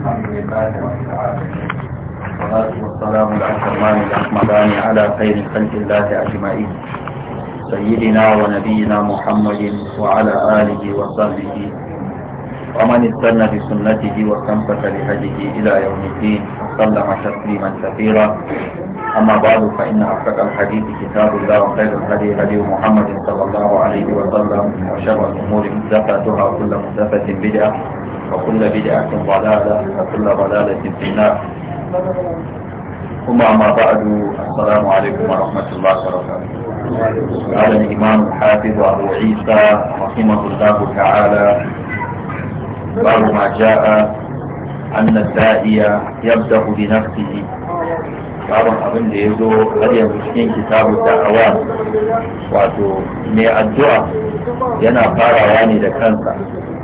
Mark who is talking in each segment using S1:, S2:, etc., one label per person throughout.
S1: الحمد لله رب العالمين والصلاة والسلام الأحمدان على خير خلق الله أجمعين سيدنا ونبينا محمد وعلى آله وصحبه ومن استنى بسنته واستمسك بهديه إلى يوم الدين وسلم تسليما كثيرا أما بعد فإن أصدق الحديث كتاب الله وخير الهدي هدي محمد صلى الله عليه وسلم وشر الأمور محدثاتها وكل محدثة بدعة وكل بدعة ضلالة وكل ضلالة في النار ثم ما بعد السلام عليكم ورحمة الله وبركاته قال الإمام الحافظ أبو عيسى رحمه الله تعالى بعد ما جاء أن الداعية يبدأ بنفسه بعض أظن ليزو قد zo كتاب الدعوات وأتو kitabu الدعاء ينا wato mai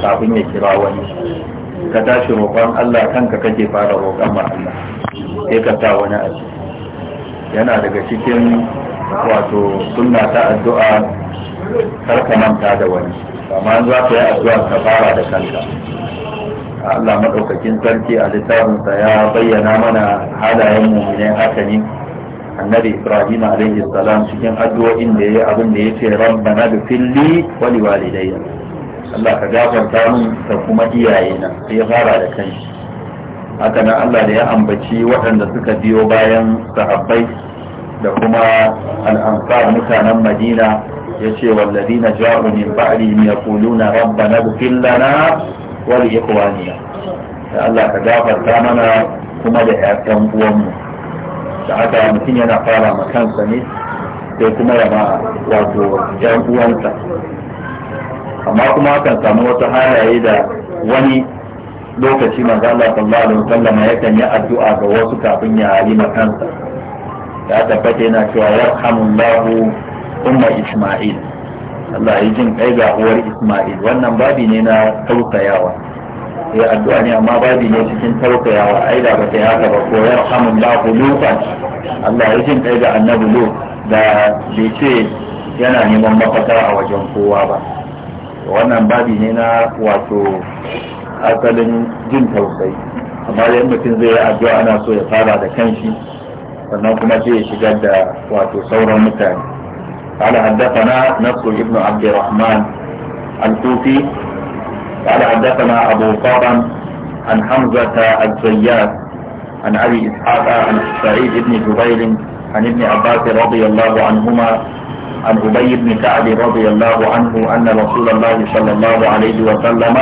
S1: kafin ya kira wani ka tashi roƙon Allah kanka kake fara roƙon ma Allah sai ka sa wani a yana daga cikin wato sunna ta addu'a kar ka manta da wani amma za ka yi addu'a ka fara da kanka Allah maɗaukakin sarki a littafinsa ya bayyana mana halayen mu'minai haka ne annabi ibrahim alaihi salam cikin addu'o'in da yi abin da ya yace rabbana bi filli wa liwalidayya Allah ka gafarta min da kuma iyayena sai ya fara da kai haka nan Allah da ya ambaci waɗanda suka biyo bayan sahabbai da kuma al'ansar mutanen Madina ya ce wallazina ja'u min ba'di yaquluna rabbana ighfir lana wa li ikhwanina da Allah ka gafarta mana kuma da ƴaƴan uwanmu da haka mutum yana fara ma kansa ne sai kuma ya ma wato ƴan uwansa amma kuma kan samu wasu halaye da wani lokaci manzo Allah sallallahu alaihi wasallam yakan yi addu'a ga wasu kafin ya yi kansa ya tabbata yana cewa yarhamullahu umma isma'il Allah yi jin kai ga uwar isma'il wannan babi ne na tausayawa ya addu'a ne amma babi ne cikin tausayawa ai da ba ta haka ba ko yarhamullahu lutan Allah yi jin kai ga annabi lut da bai ce yana neman mafaka a wajen kowa ba wannan babi ne na wato asalin jin tausayi amma yadda mutum zai yi addu'a ana so ya fara da kanshi sannan kuma sai ya shigar da wato sauran mutane قال حدثنا نصر ابن عبد الرحمن الكوفي قال حدثنا ابو فاطم عن حمزه الزيات عن ابي اسحاق عن سعيد بن جبير عن ابن عباس رضي الله عنهما عن أبي بن كعب رضي الله عنه أن رسول الله صلى الله عليه وسلم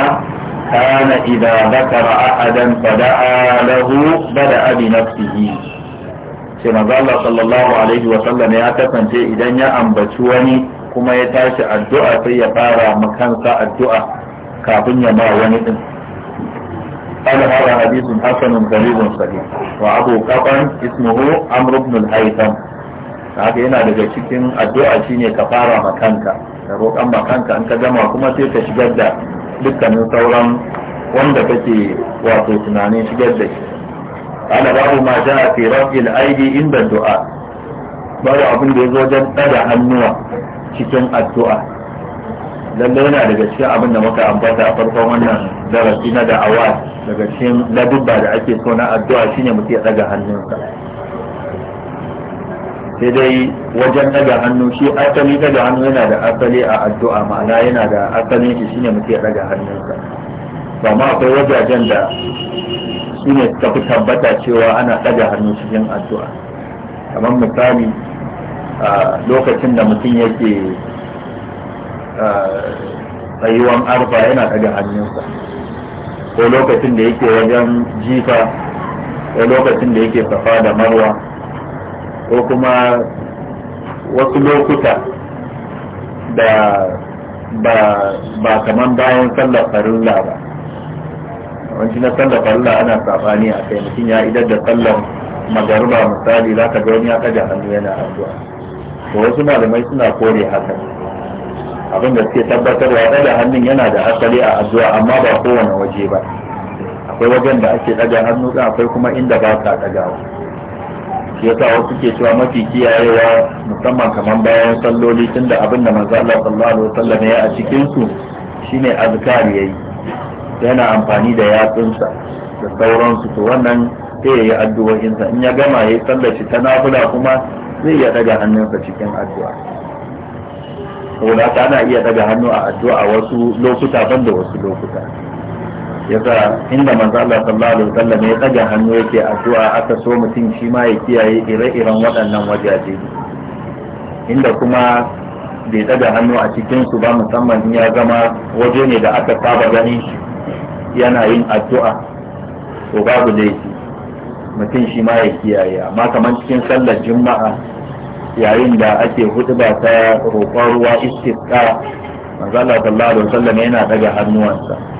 S1: كان إذا ذكر أحدا فدعا له بدأ بنفسه كما قال صلى الله عليه وسلم يا kasance جي ya ambaci wani kuma ya tashi addu'a sai ya fara makansa addu'a kafin ya ba wani قال هذا حديث حسن غريب صحيح وابو كفن اسمه عمرو بن الهيثم haka yana daga cikin addu'a shine ka fara makanka ka roƙan makanka in ka gama kuma sai ka shigar da dukkanin sauran wanda kake wato tunanin shigar da shi ala babu ma ja fi rafil aidi inda du'a babu abin da zo wajen tsada hannuwa cikin addu'a lalle yana daga cikin abin da muka ambata a farkon wannan darasi na da'awa daga cikin ladubba da ake so na addu'a shine mutum ya daga hannunsa sai dai wajen daga hannu shi asali daga hannu yana da asali a addu'a ma'ana yana da asalin shi shine mutum ya daga hannunsa ba ma akwai wajajen da su ne suka fi tabbata cewa ana daga hannu cikin addu'a kamar misali a lokacin da mutum yake tsayuwan arfa yana daga hannunsa ko lokacin da yake wajen jifa ko lokacin da yake safa da marwa ko kuma wasu lokuta da ba kaman bayan sallar farilla ba wancan na sallar farilla ana safani a kai mutum ya idar da sallar magaruba misali za ka ga wani ya kaja hannu yana addu'a ko wasu malamai suna kore hakan abin da suke tabbatarwa ɗaga hannun yana da asali a addu'a amma ba kowane waje ba akwai wajen da ake ɗaga hannu akwai kuma inda ba ka ɗagawa yasa wasu ke cewa mafi kiyayewa musamman kamar bayan salloli da abin da manzo Allah sallallahu alaihi wasallam ya a cikin su shine azkar yayi yana amfani da yatsunsa da sauransu to wannan sai yayi addu'o'insa in ya gama yayi sallaci shi ta nafila kuma zai iya daga hannunsa cikin addu'a saboda ana iya daga hannu a addu'a wasu lokuta banda wasu lokuta yasa inda manzo Allah sallallahu alaihi wasallam ya tsaga hannu yake addu'a aka so mutum shi ma ya kiyaye ire-iren waɗannan wajaje inda kuma bai tsaga hannu a cikin su ba musamman in ya zama waje ne da aka saba ganin shi yana yin addu'a to babu laifi mutum shi ma ya kiyaye amma kamar cikin sallar juma'a yayin da ake hutuba ta roƙon ruwa istisqa manzo Allah sallallahu alaihi wasallam yana daga hannuwansa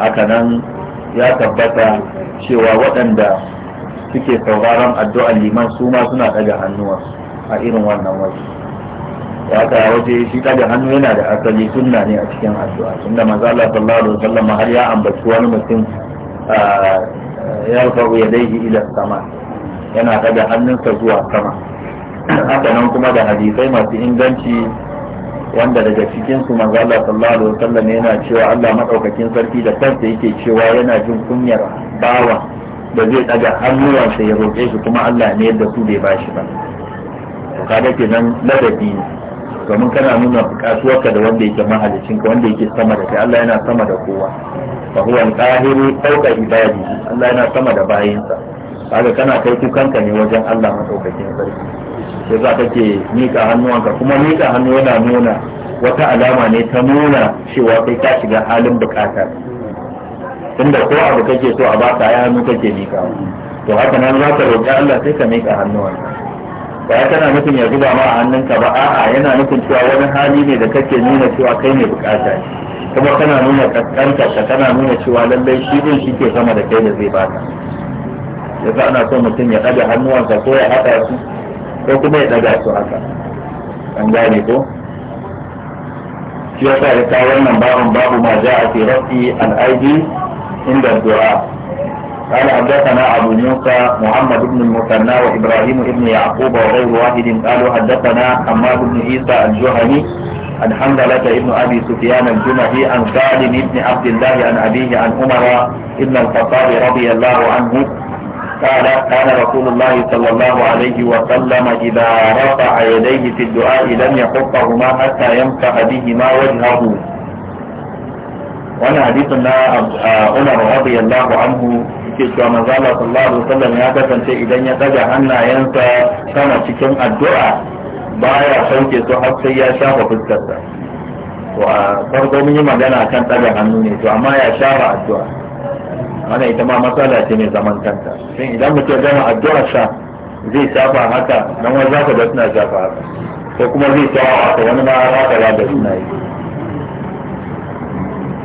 S1: hakanan ya tabbata cewa waɗanda suke sauraron addu'an liman su ma suna ɗaga hannuwa a irin wannan waje ya ka waje shi ɗaga hannu yana da asali sunna ne a cikin addu'a inda manzo Allah sallallahu alaihi wasallam har ya ambaci wani mutum ya rufa yadaihi ila sama yana ɗaga hannunsa zuwa sama haka nan kuma da hadisai masu inganci wanda daga cikin su manzo Allah sallallahu alaihi wasallam yana cewa Allah madaukakin sarki da kansa yake cewa yana jin kunyar bawa da zai daga hannuwansa ya roƙe shi kuma Allah ne yadda su bai bashi ba to kaga kenan ladabi ne domin kana nuna kasuwarka da wanda yake ka wanda yake sama da kai Allah yana sama da kowa fa huwa al-qahiru fawqa ibadihi Allah yana sama da bayinsa kaga kana kai kukanka ne wajen Allah madaukakin sarki sai za ke mika hannuwanka kuma mika hannu yana nuna wata alama ne ta nuna cewa kai ka shiga halin bukata tunda ko abu kake so a baka ya hannu kake mika to haka nan za ka roƙi Allah sai ka mika hannuwanka ba ya kana nufin ya zuba ma a hannunka ba a'a yana nufin cewa wani hali ne da kake nuna cewa kai ne bukata ne kuma kana nuna kaskanta ka kana nuna cewa lallai shi din shi ke sama da kai da zai baka yasa ana so mutum ya ɗaga hannuwansa ko ya haɗa su ko kuma ya ɗaga su haka an gane ko shi ya sa ya kawo wannan babun babu ma ja'a fi rafi al-aidi inda du'a قال حدثنا أبو موسى محمد بن المثنى وإبراهيم بن يعقوب وغير واحد قالوا حدثنا حماد بن عيسى الجهني عن حنظلة بن أبي سفيان الجمهي عن سالم بن عبد الله عن أبيه عن عمر بن الخطاب رضي الله عنه قال قال رسول الله صلى الله عليه وسلم إذا رفع يديه في الدعاء لم يحطهما حتى يمسح بهما وجهه وانا حديثنا عمر رضي الله عنه ke cewa manzo Allah sallallahu alaihi wasallam ya kasance idan ya daga hannayensa sama cikin addu'a baya sauke su har sai ya shafa fuskarsa to a farko mun yi magana kan daga hannu ne to amma ya shafa addu'a wannan ita ma matsala ce mai zaman kanta shin idan mutum ya gama addu'ar sa zai shafa haka dan wani zaka da suna shafa haka ko kuma zai shafa haka wani ma haka za da suna yi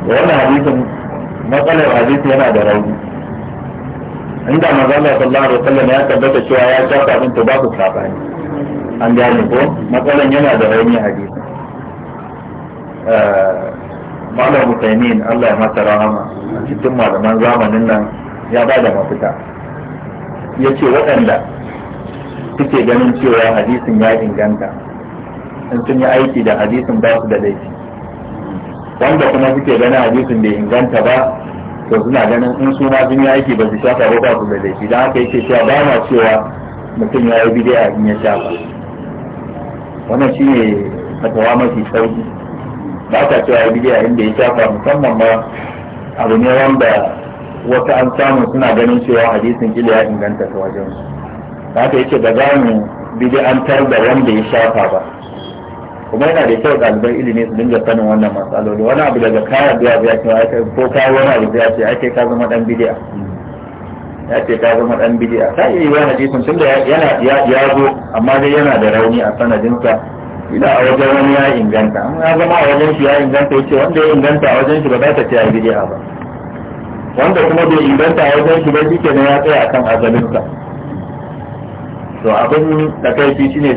S1: wannan hadisin matsalar hadisi yana da rauni inda manzo Allah sallallahu alaihi wasallam ya tabbata cewa ya shafa din to babu sabani an gane ko matsalar yana da rauni hadisi eh, malam Hussainin Allah ya masa rahama a cikin malaman zamanin nan ya ba da mafita ya ce waɗanda suke ganin cewa hadisin ya inganta in sun yi aiki da hadisin ba su da laifi wanda kuma suke ganin hadisin bai inganta ba to suna ganin in su ma sun yi aiki ba su faru ba su da laifi don haka yake cewa ba na cewa mutum ya yi bidiya in ya shafa wannan shi ne fatawa mafi sauki ba ta cewa bidiya inda ya shafa musamman ba abu ne wanda wasu an samu suna ganin cewa hadisin kila ya inganta ta wajen su ta yake da za mu bidiyantar da wanda ya shafa ba kuma yana da kyau ɗaliban ilimi su dinga sanin wannan matsaloli wani abu daga kaya biya biya cewa ko kawo wani abu biya ce ake ka zama ɗan bidiya ya ce ka zama ɗan bidiya ta iya yiwa hadisin tunda yana ya zo amma dai yana da rauni a sanadinsa ina a wajen wani ya inganta an ya zama a wajen shi ya inganta ya ce wanda ya inganta a wajen shi ba za ta ce a ba wanda kuma bai inganta a wajen shi ba shi ya tsaya akan azalinsa to abin da kai shi ne